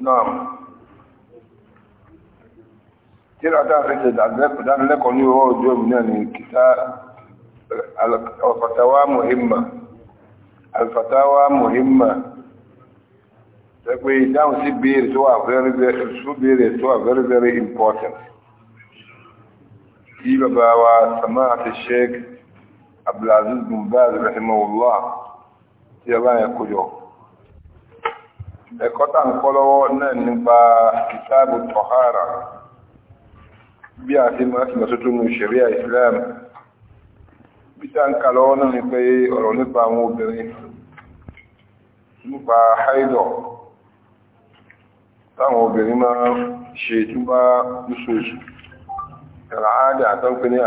náà tíra tá a fi ṣe dánilẹ́kọ̀ọ́ ní ọwọ́ ojú omi náà ni kìtà alfatawa muhimma alfatawa muhimma pẹ̀pẹ̀ ìdáhùn sí béèrè tó wà very very tó béèrè tó very very important tí bàbá wa sàmà àti sheik abdulaziz bin baz rahimahullah tí a bá kójọ ẹ̀kọ́ tà ń kọ́ lọ́wọ́ náà nípa tọ̀hárà bí a ti máa ti Islam bí tà ń kà lọ́wọ́ náà pé ọ̀rọ̀ nípa àwọn obìnrin nípa haidọ̀ táwọn obìnrin máa ṣe túbá lóṣooṣù àlàáàdà tó ń pè ní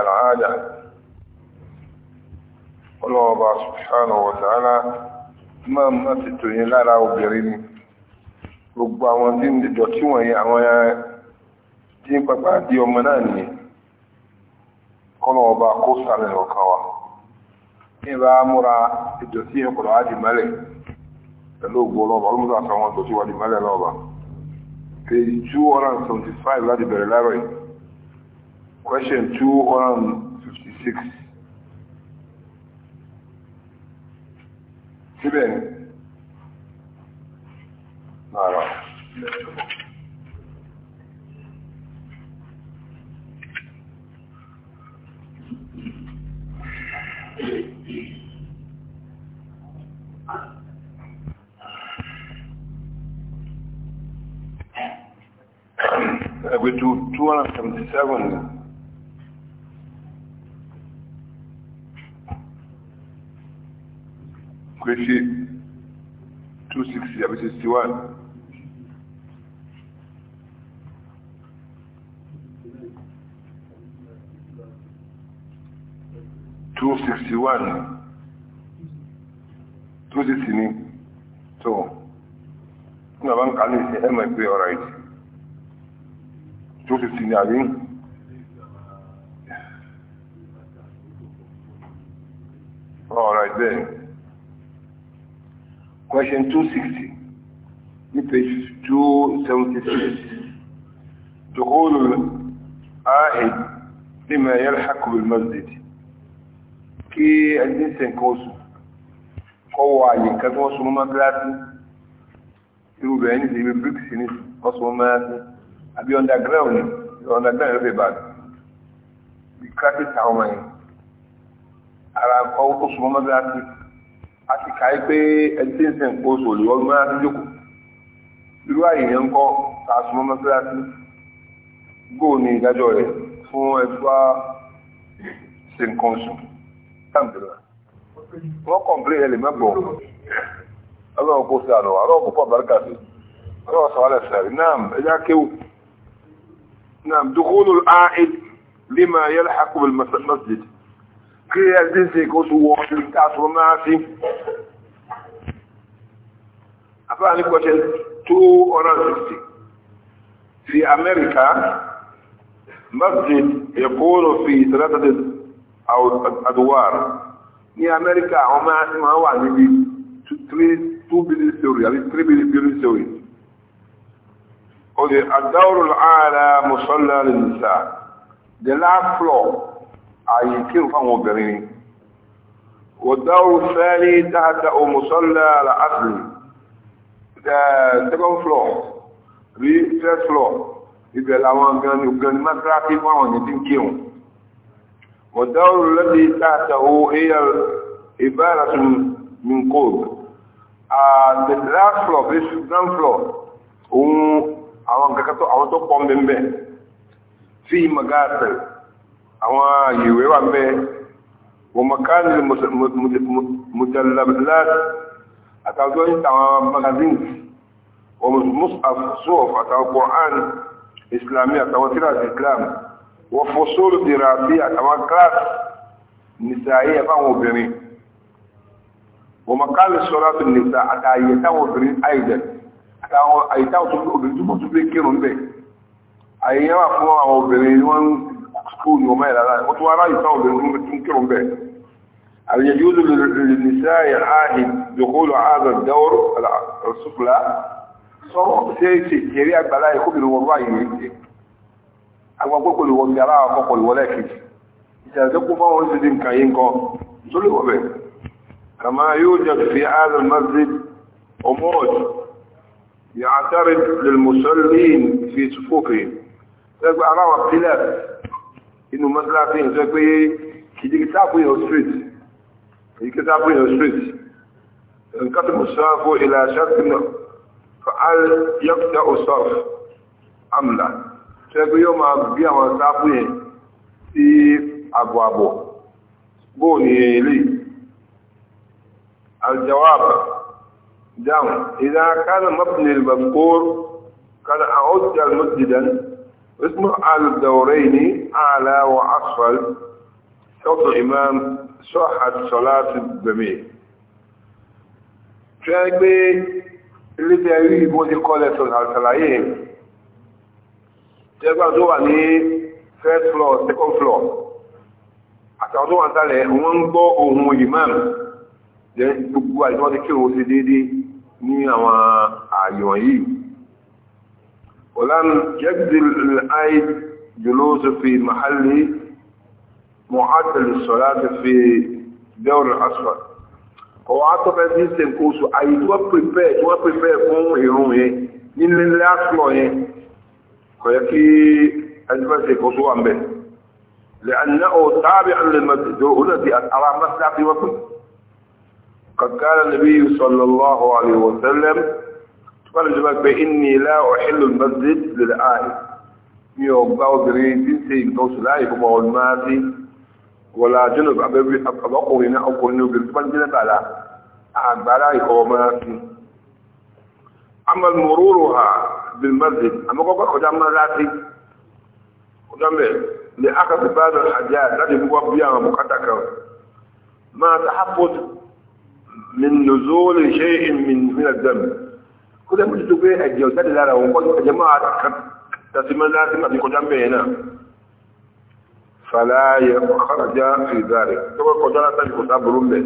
máa tòyìn lára gbogbo àwọn tí ń dọ̀tí wọ̀nyí àwọn ya tí ń di ọmọ náà ni kọ́nà ọba kó sàlẹ̀ ọ̀kan wa ní ìbá múra ìdọ̀tí ẹ̀kọ̀lọ̀ á di mẹ́lẹ̀ pẹ̀lú ògbó lọ́ba olùmúta àtàwọn ìdọ̀tí wa di mẹ́lẹ̀ lọ́ba 275 question 256 síbẹ̀ Ara. Ẹgbẹ́ 277 ni. Kwesí 260 àbí 61 261 260 ni tó ní àbá ń ká ní ìsìn ẹ̀mọ̀ ìpé ọ̀rọ̀ ìdí 260 ni àbí ọ̀rọ̀ ìdí question 260 ní page 276 تقول العائد لما يلحق بالمسجد كي الجنسين كوسو قوة يكاد وصل مبلاتي يقول بأني زي ببريكسيني وصل مبلاتي أبي underground underground يبي بعد بكاتي تعومين على قوة وصل مبلاتي a sì kàí pé ẹni tí ń sìn kó sòlè ọdún mọ́ra tó jókòó irú àyèyàn ń kọ́ ta súnmọ́ mọ́sálásí góò ní ìdájọ́ rẹ̀ fún ẹgbẹ́ sìn kan sùn táǹbìlà wọ́n kọ̀m̀plé ẹlẹ̀ mẹ́gbọ̀ ọlọ́run kó sí àlọ́ àrọ́ òkú pàbáríkà sí ọlọ́run sọ alẹ́ sẹ́rì náà ẹjá kéwù náà dùkúlù áìd lima yalhaqu bil masjid kí ẹgbẹ́ ṣe kó tó wọ ìtàṣọ́ máa sí afẹ́ àníkọ́ṣẹ́ 260 fi amẹ́ríkà masjid ẹ̀kọ́rọ̀ fi ìtàlátàdé àdúwàr ní amẹ́ríkà àwọn máa sí máa wà níbi 2 billion story àti 3 billion story ó di àdáwòrò ààrẹ musalla lè nìsà the last floor ààyè kírun fáwọn obìnrin ni wọ̀dáwò fẹ́ẹ́lì dáadáa o mùsọ́lá àlàáfíì second floor rí first floor ibẹ̀ làwọn gan ni gan ni mọ́tíráfí fáwọn ní tí ń kírun wọ̀dáwò lẹ́bí dáadáa o al ìbára tún ní kóòdù the last floor bí second àwọn kankan àwọn tó pọ̀ mbẹ́mbẹ́ fi magasẹ̀ àwọn ìwé wà mẹ́ wọ́n mọ̀kánì mùtàlàbìláàtì àtàwọn ìtàwọn magazine wọ́n mùsùlùmí sọ́ọ̀f àtàwọn Quran islami àtàwọn tíráàtì Islam wọ́n fọ́ sóòlù dìràtì àtàwọn kíláàsì nìsàáyé àbáwọn obìnrin wọ́n mọ̀kánì sọ́lá tó nìsà àtàyè táwọn obìnrin àìdẹ̀ àtàwọn àyíká obìnrin tó mọ̀ tó fi kírun bẹ̀ àyè wà fún àwọn obìnrin wọ́n ń كون وما إلى ذلك وتوا رأي صوب تنكرهم به هل يجوز للنساء العاهد دخول هذا الدور السفلى صوب سيسي جريء بلا يقبل والله يجي أما قل والجراء فقل ولكن إذا ذكوا ما هو سدين كاينكو صلوا به كما يوجد في هذا المسجد أمور يعترض للمصلين في صفوفهم تبقى على اختلاف inú mọ́sálásí yẹn sọ pé kìdíkítà pé yàn street kìdíkítà pé yàn street nǹkan tó sọ́fọ́ ilẹ̀ aṣáàtìmọ̀ fa'al yọ́pítà òsọ́f amla ṣẹ́gbé yóò máa bí àwọn sáfù yẹn sí àbọ̀àbọ̀ bóò ní ilé aljawab dáhùn ìdá kánà mọ́pìnlẹ̀ mọ́pìnlẹ̀ kan àwọ́dìdà mọ́sídàn اسمه على الدورين أعلى وأسفل صوت الإمام صحة صلاة الجميع شاكبي اللي تأويه بودي قولة الحلسلعية تأويه دواني first floor second floor àtàwọn tó wà sálẹ̀ wọ́n ń gbọ́ ohun imam gbogbo àìsàn ti kírun sí déédéé ní àwọn ààyè wọ̀nyí ولم يجزل العيد جلوس في محل معدل الصلاة في دور الأسفل ọwọ́ atọ́fẹ́ sí ìsìnkú oṣù àyè tí wọ́n prepare tí wọ́n prepare fún ìrun yẹn nílé lásìlọ yẹn kò yẹ kí ẹnìfẹ́sẹ̀ kò tó wà ń bẹ̀ lẹ́yìn náà tààbí alẹ́mọ̀tẹ̀jọ́ olóòtí ara mọ́sílá fi wọ́n pè kàkàrà nàbí sallallahu alaihi wa sallam قال جماعة إني لا أحل المسجد للآية يوم قاو بريدين سيد قوس الآية كما الماتي ولا جنب أبقونا أو كنو بالسبان جنب على أعبالا يقوماتي أما مرورها بالمسجد أما قاو قدام مراتي قدام لأخذ بعض الحاجات التي هو بها مقتك ما تحفظ من نزول شيء من من الدم kó lè mójútó pé ẹ̀jẹ̀ ọ̀jáde lára òun kọ́ ẹ̀jẹ̀ máa tàbí máa láti máa fi kọjá mẹ́rin náà fàlàyé ọ̀kọ́rọ̀já ìdáre tó bá kọjá látàrí kò sáàbùrú mẹ́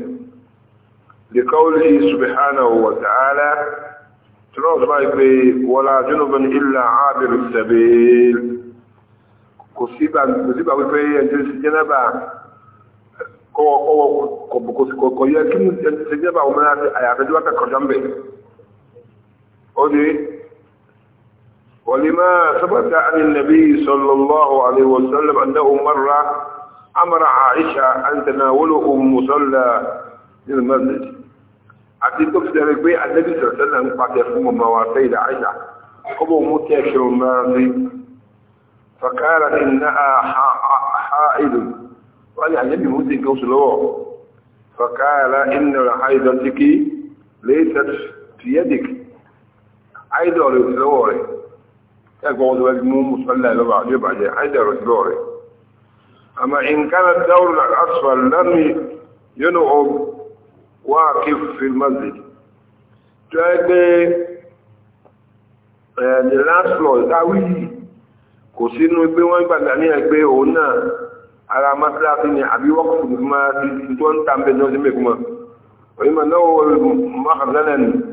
lè kọ́wọ́lé subhanahu wa ta'ala tí wọ́n sọ báyìí pé wala junuban illa abiru sabil kò síbà wípé ẹjọ́ sí jẹ́nàbà kọ́wọ́kọ́wọ́ kò yẹ kí ní jẹ́nàbà ọmọ náà àyàfẹ́jọ́ látàkọjá mẹ́rin قولي ولما ثبت عن النبي صلى الله عليه وسلم أنه مرة أمر عائشة أن تناوله مصلى للمسجد àti tó fi dẹ̀rẹ̀ pé àdébìsọ̀ sẹ́lẹ̀ ń pàtẹ fún ọmọ wa fẹ́ ilẹ̀ àìsà kọ́bọ̀ mú kí ẹ̀ṣẹ̀ ọmọ rí fàkàrà ní náà ha ìlú wọ́n ni àdébì mú sí gọ́ọ̀sù lọ́wọ́ fàkàrà ìnira àìdọ̀tíkì lẹ́sẹ̀ tìyẹ́dìkì àìdọ̀ rẹ̀ sí lọ́wọ́ rẹ̀ ẹgbọ́n wọn tó wáyé mú mùsùlùmí lọ́wọ́ àjọ ìbàjẹ́ àìdọ̀ rẹ̀ asfal fi the last floor dáwí ko sínú pé wọ́n gbàgbà ní ẹgbẹ́ òun náà ara masalasi ni abi wọ́pù ma ti tó ń tàbí ẹjọ́ sí mẹ́kúnmọ́ òyìnbó náà wọ́n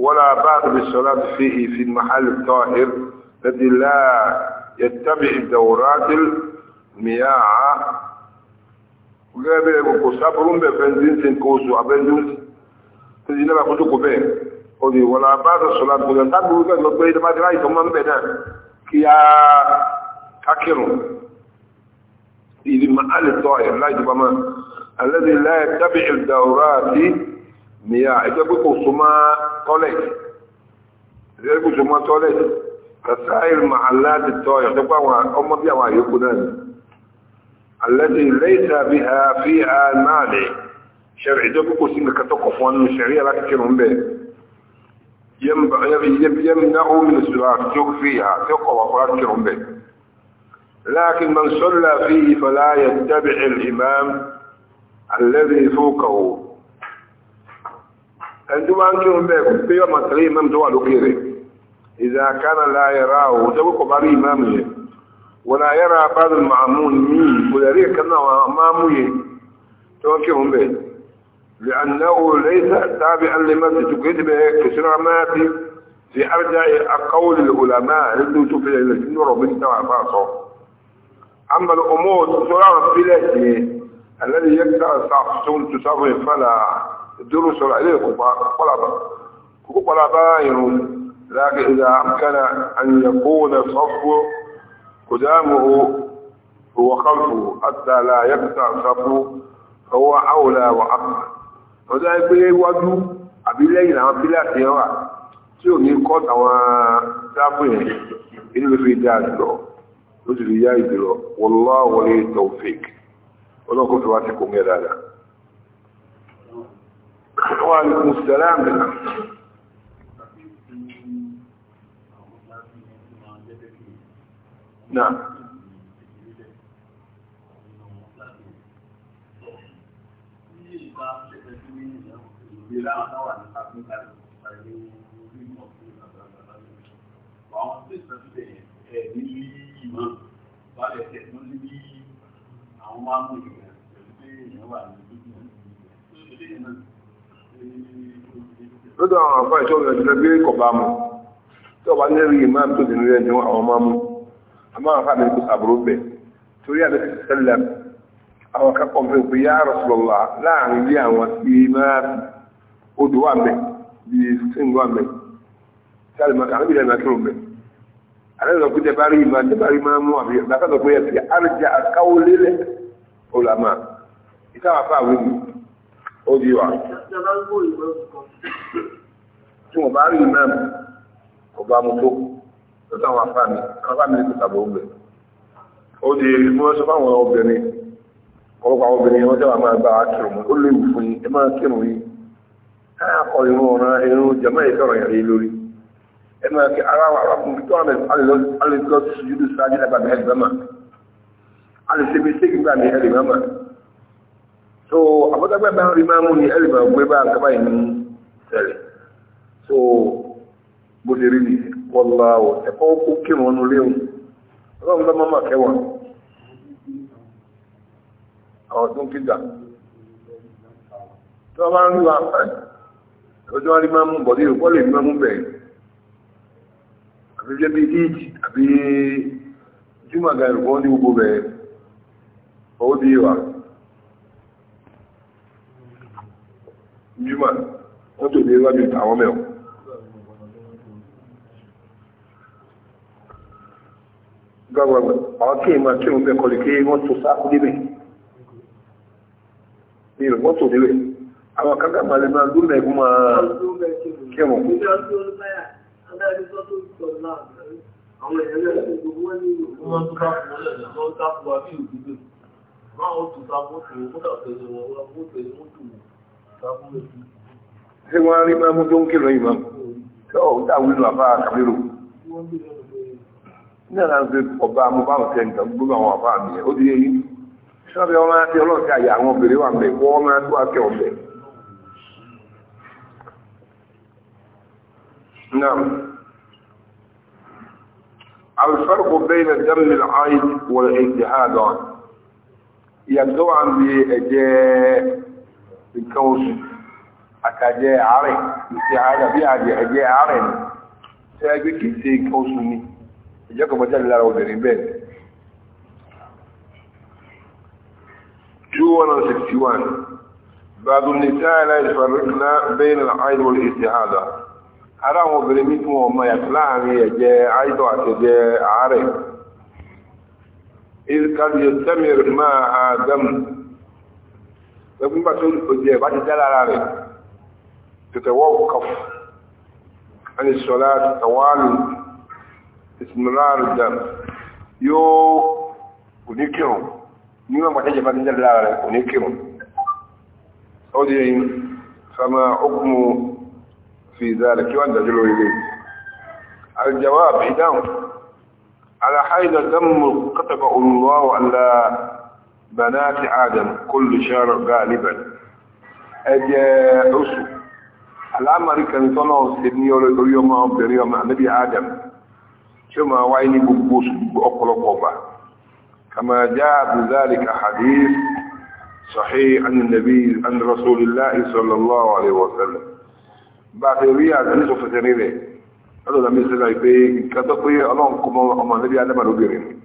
ولا بأس بالصلاة فيه في المحل الطاهر الذي لا يتبع دورات المياه gẹ́gẹ́ kò sáfúrú ń bẹ̀ fẹ́ndín tí kò sù abẹ́ndín tí ilé bá kójú kò bẹ́ẹ̀ o lè wọ́n la bá sọ̀rọ̀ àgbẹ̀rẹ̀ tábìlú bẹ́ẹ̀ lọ pé ìdámadé láì tọ́mọ́ ń bẹ̀ náà kí a kákìrùn ìdí máa lè tọ́ ẹ̀ láì dùbọ́mọ́ alẹ́ nìyà ẹgbẹ́ pé kò so máa tọ́lẹ̀tì ẹgbẹ́ kò so máa tọ́lẹ̀tì kàtà ìrìnmà aláàdì tọ́ ìjọba ọmọ bí àwọn àyókù náà ni alẹ́dì lẹ́yìn àbí àfi àmàlẹ̀ ṣẹ̀rẹ̀ ìjọba kò sí nǹkan tó náà ó mi lùsùlù àti ó fi hà kọ̀ fún alákìkìrún bẹ́ẹ̀ لكن من صلى فيه فلا يتبع الإمام الذي فوقه ẹnití wọn kí wọn bẹ́ẹ̀ pé ọmọ tẹlẹ imam tó wà lókè rẹ ìdá kánà láyé ra o tẹwọ kọ bá rí imam yẹ wọn àyẹ ra bàbá màmú mi kò lè rí ẹkẹ náà màmú yẹ tí wọn kí wọn bẹ́ẹ̀ لأنه ليس تابعا لما تجد به كسر ماتي في أرجع أقول العلماء لأنه تفعل إلى سنة ربنا وعفاصه أما الأمور تسرع في التي الذي يكتر صعب تسرع فلا الدروس عليه قلبا باين لكن إذا أمكن أن يكون صفو قدامه هو خلفه حتى لا يقطع صفه فهو أولى وأقل وده يقول يوجه أبي ليلة وبلا سيارة tí ò ní kọ́ àwọn dábò yẹn inú ló fi dáa jùlọ ló sì fi وعليكم السلام نعم Àwọn máa ń mú ìgbà pẹ̀lú pé èèyàn wà ní ìgbà tó ṣe lè náà lọ́dọ̀ àwọn àpá ìṣọ́ ìrìn àjò lọ́gbé kọ̀bá mu tí ọba ní rí ìmá tó dì nílẹ̀ ní àwọn ọmọ mu àmọ́ àpá mi kò sàbúrò bẹ̀ torí àti sẹ́lẹ̀ àwọn akẹ́kọ̀ọ́ mi pé yá rọ̀sọ̀lọ́lá láàrin bí àwọn sí máa odò wà mẹ́ bí síngù wà mẹ́ sáré máa kàwé ìlànà kí ló mẹ́ àlẹ́ lọ pé tẹ́bárí ìmá tẹ́bárí máa mú àbí ìgbàkà lọ pé ẹ̀fì àrìjà àkáwọlélẹ̀ ọ̀làmà ìtàwà fáwọn ìlú ó di wà tí wọ́n bá rí mẹ́m ọba mọ́tò lọ́tọ̀ àwọn afáàmì afáàmì ní kòtàbọ̀ ọgbẹ̀ ó di ìfúnwọ́sọ fáwọn obìnrin ọlọ́pàá àwọn obìnrin wọ́n jẹ́wàá máa gba akírùn ó léwu fún yín ẹ máa kírùn yín káyà kọ irun ọ̀ràn irun jẹ́mọ́ ìtọ́rọ̀ yẹn lórí ẹ máa kí ara wa arákùnrin tó àmì alẹ́lọ́sí yúdú sáájú ẹgbàmì ẹgbàmà alẹ́sẹ̀mí sí ẹgbàmì ẹgbàmà so àbọ̀dọ́gbẹ́ bá ń rí máa ni ẹ̀rì máa gbé bá so bó ṣe rí ni wọ́lá ọ̀ ẹ̀kọ́ ó kírun ọ̀nà léwu ọlọ́run lọ́mọ máa tí bá ń lè àbí àbí jùmọ̀ ga gbogbo mímà wọ́n tó lè wá àwọn mẹ́wọ̀. gbàgbàgbà àwọn kí èèmà kí òun bẹ́ kọ́lé kí wọ́n tó sáàkú níbẹ̀ ní wọ́n tó níbẹ̀ àwọn kankan máa lè máa lúmẹ̀ ẹ̀kú máa kí wọ́n. Àwọn èèyàn lẹ́yìn gbogbo wọ́n ní ìlú wọn tó dáàbò wọn lẹ́yìn àwọn dáàbò wa bí ìlú gbígbé. Máa wọ́n tó dáàbò tó wọ́n kó dàbò tẹ̀lé wọn wọ́n tó tẹ̀lé wọn ṣé wọ́n rí máa tó ń kí ìmọ̀ tó ń dà wílò àbá kàbírò ní àná ṣe ọba amúbá ọ̀tẹ̀ nǹkan gbogbo àwọn àbá mi ó di eyín sábẹ́ ọmọ àti ọlọ́ọ̀tẹ̀ àyà àwọn obìnrin wà mẹ́ wọ́n máa tó akẹ́ ọ̀bẹ̀ náà الفرق بين الدم العيد والاجتهاد يعني طبعا بأجاء nǹkan oṣù àkàjẹ àárẹ̀ ìṣe àárẹ̀ àbí àjẹ àárẹ̀ ni ṣe ẹgbẹ́ kìí ṣe nǹkan oṣù ni ìjẹ́ kọ̀ mọ́jáde lára obìnrin bẹ́ẹ̀ 261 bàbá nìta aláìsàrìnà bẹ́ẹ̀nà àìdọ̀ ìṣẹ̀hádà ara àwọn obìnrin mi máa àdámù ẹgbùn bá tó olùkọjẹ bá ti dálára rẹ̀ tẹ̀tẹ̀wọ́ kọf ẹni sọ́lá tẹ̀wọ́lù ìsinmiláàrù dàm yóò oníkírùn ní wọ́n bá tẹ́jẹ̀ bá ti dálára rẹ̀ oníkírùn ó di ẹyin sama okùnmù fi ìzáàlẹ̀ بنات آدم كل شهر غالبا أجا أسو الأمر كان صنع سيدني يوم أبدر يوم نبي آدم كما ويني ببوس بأقل قوبة كما جاء بذلك حديث صحيح عن النبي عن رسول الله صلى الله عليه وسلم بعد رياض نسو فتنيني هذا لم يسلع بي كتقوي ألون كما نبي آدم أبدرين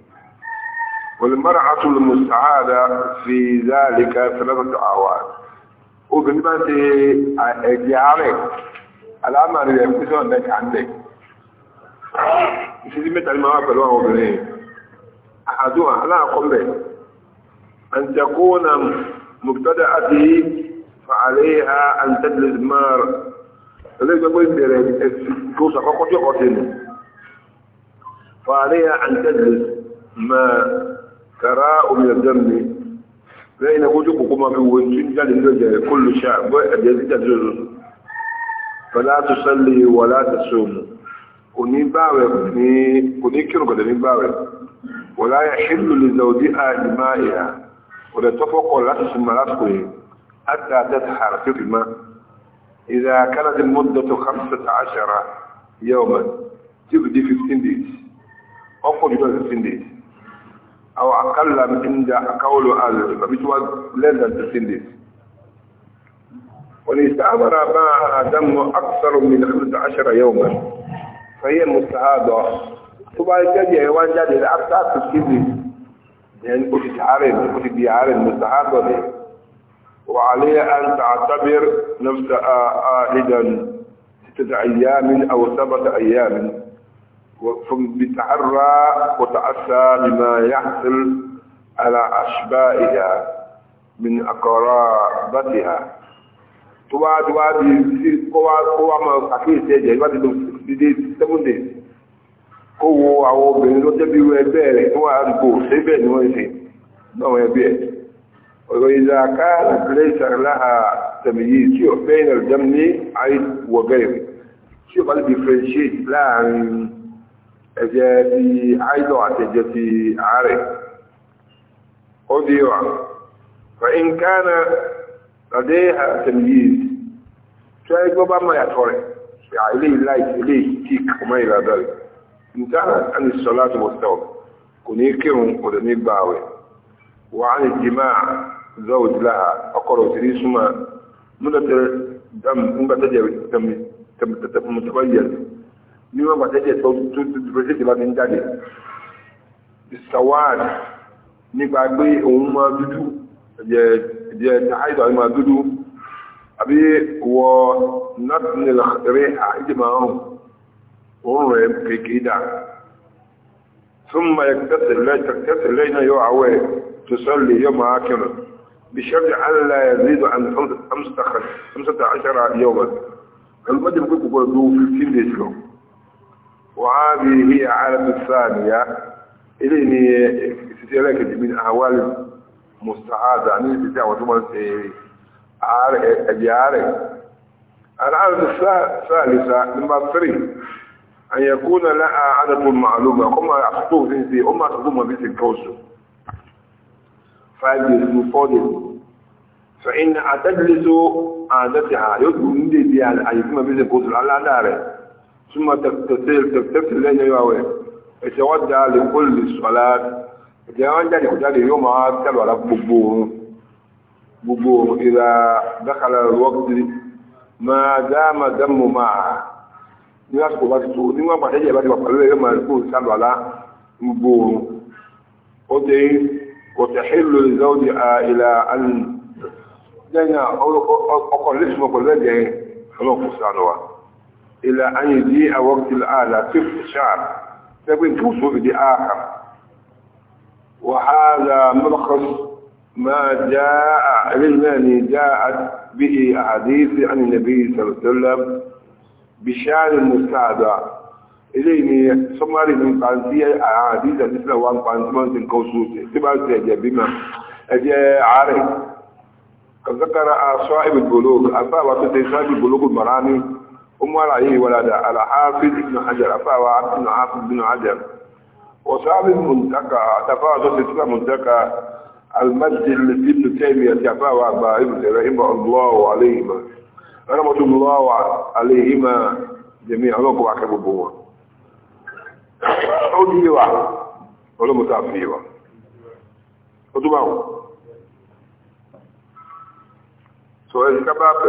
والمرأة المستعادة في ذلك ثلاثة أعوام. وبالنسبة لجعالي الأمر اللي يمكسه أنك عندك في ذمة المواقف الواقع وبالنسبة أحدوها لا أقوم به أن تكون مبتدأتي فعليها أن تجلس مار ليس يقول إنتي توسع قوتي قوتي فعليها أن تجلس ما kàrá omi ẹ̀dọ́ mi lẹ́yìn náà kójú kòkó máa fi wo tí ń jáde ló jẹ kó lu ṣáà gbọ́ ẹ̀jẹ̀ tí jáde ló lọ fẹlá tó sẹ́lẹ̀ wà láti so mu kò ní báwẹ̀ ní kò ní kírun kọ̀dẹ̀ ní báwẹ̀ wọ́n ọkọ̀ jùlọ 15 days أو أقل من قول ألف which لن less than 15 دم أكثر من 15 يوما فهي مستعادة ثم يجد حيوان جديد أكثر 15 days يعني كل عارن كل دي عارن مستعادة وعليها أن تعتبر نفسها عائدا آه، آه، ستة أيام أو سبعة أيام بتعرى وتأسى بما يحصل على أشبائها من أقرابتها tuba tuba bi kowa kowa ma àkíyèsí ẹ̀jẹ̀ ìgbà tí dídé seven days kó wo àwọn obìnrin ló jẹ́bi irú ẹgbẹ́ rẹ̀ tó wà àdúgbò síbẹ̀ ni wọ́n ṣe náà wọ́n ẹ̀ ọ̀rọ̀ ìlà káàlà gílẹ̀ṣà láha tẹ̀mí yìí tí ò fẹ́ ní àìwọ̀gẹ́rẹ̀ tí ò bá lè differentiate láàrin ẹ̀jẹ̀ ti àìdọ̀ àti ẹ̀jẹ̀ ti àárẹ̀ ó di wà fa'in kánà lọ́dẹ́ àtẹ̀lẹ́yìn tí wọ́n gbọ́ bá máa yàtọ̀ rẹ̀ ilé ìláìsí ilé ìtìk ọmọ ìlàdọ̀ rẹ̀ nǹkan àni sọlá tó wọ́n sọ kò ní kírun kò dẹ̀ ní gbà wẹ̀ wà á ní jìmá zọ́ọ̀ jìlá ọkọ̀rọ̀ òsì ní súnmọ́ múlẹ̀ tẹ̀ dàm ń bá tẹ̀jẹ̀ tẹ̀mùtẹ̀báyẹ̀ ní wọ́n gbà tẹ́jẹ̀ tó tó dúró sí ìbá mi ń jáde ìsàwáàd nípa pé òun máa dúdú ẹ̀jẹ̀ àìsàn àti máa dúdú àbí wọ nàtìlẹ̀ rẹ̀ àìjẹ̀ máa hàn òun rẹ̀ kéèkéé dà ثم يكتسل لين يعوي تصلي يوم آكل بشرط ألا يزيد عن خمسة عشر يوما المدى يقول 15 days long وهذه هي عالم الثانية إليني استجالك من أهوال مستعادة عن البتاع وثمان أجارك العالم الثالثة لما تري أن يكون لها عدد معلومة كما أخطوه في أما تضم بيت الكوسو فأجلس فاضل فإن أتجلس عادتها يدعو من دي دي أن يكون بيت الكوسو على داره ثم تغتسل تغتسل لين يواوي يتودع لكل الصلاة جاءان جاء يقتل يوم عاكل ولا ببوه ببوه إذا دخل الوقت ما دام دم معه ní àsìkò bá ti tó ní wọ́n pàtẹ́jẹ̀ bá ti wà pàlú ẹ̀yọ́ máa kó sálọ alá ń gbòòrùn ó tẹ́ ọ̀tẹ̀hìlò ìzáwọ́dì àìlà àìlà lẹ́yìn ọkọ̀ lẹ́sùn ọkọ̀ lẹ́jẹ̀ ọlọ́kùn sálọ wa إلى أن يجيء وقت الآلة صف شعر تبين توصف آخر وهذا ملخص ما جاء للماني جاءت به أحاديث عن النبي صلى الله عليه وسلم بشان المستعدى إليه سماري من قانسية أحاديث مثل وان قانسمان تنكوسوس تبعث سيجا بما أجي عارف ذكر صاحب البلوغ أصابة صاحب البلوغ المرامي umar ayi walada al-hafiz ibn hajar afawa ibn hafiz ibn hajar wa sahab muntaka tafadhal islam muntaka al-majd ibn taymiyyah afawa ba ibn rahim Allah alayhima rahmatullah alayhima jami'a lako wa kabubuwa odiwa wala mutafiwa odubawo so en kaba pe